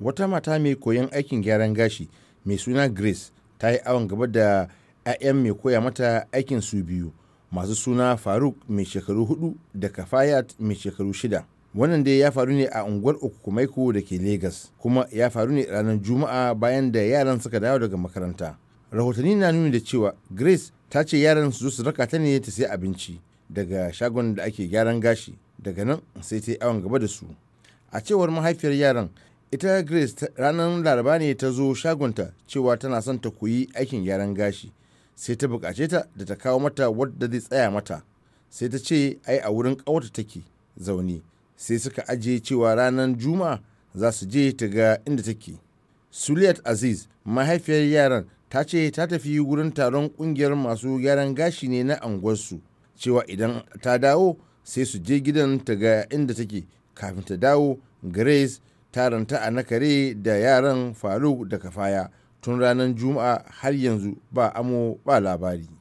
wata mata mai koyon aikin gyaran gashi mai suna grace ta yi awon gaba da 'ya'yan mai koya mata aikin su biyu masu suna faruk mai shekaru hudu da kafayat mai shekaru shida wannan dai ya faru ne a unguwar okumaiko da ke Legas kuma ya faru ne ranar juma'a bayan da yaran suka dawo daga makaranta rahotanni na nuni da cewa grace ta ce yaran su su raka ta ne ta sai abinci daga shagon da ake gyaran gashi daga nan sai ta yi awon gaba da su a cewar mahaifiyar yaran ita grace ranar laraba ne ta zo shagonta cewa tana son ta koyi aikin gyaran gashi sai ta bukace ta da ta kawo mata wadda zai tsaya mata sai ta ce ai a wurin kawata take zaune sai suka ajiye cewa ranar juma'a za su je ta ga inda take suliyat aziz mahaifiyar yaran ta ce ta tafi wurin taron kungiyar masu gyaran gashi ne na anguwarsu cewa idan ta dawo sai su je gidan ta ga inda take kafin ta dawo grace taranta a nakare da yaran faruk da kafaya tun ranar juma'a har yanzu ba amo ba labari